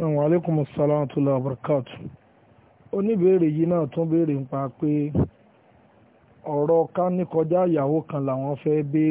Wa alaikum assalam wa rahmatullahi wa barakatuh oníbèrè yìí náà tún béèrè nípa pé ọ̀rọ̀ ká ní kọjá ìyàwó kan làwọn fẹ́ béèrè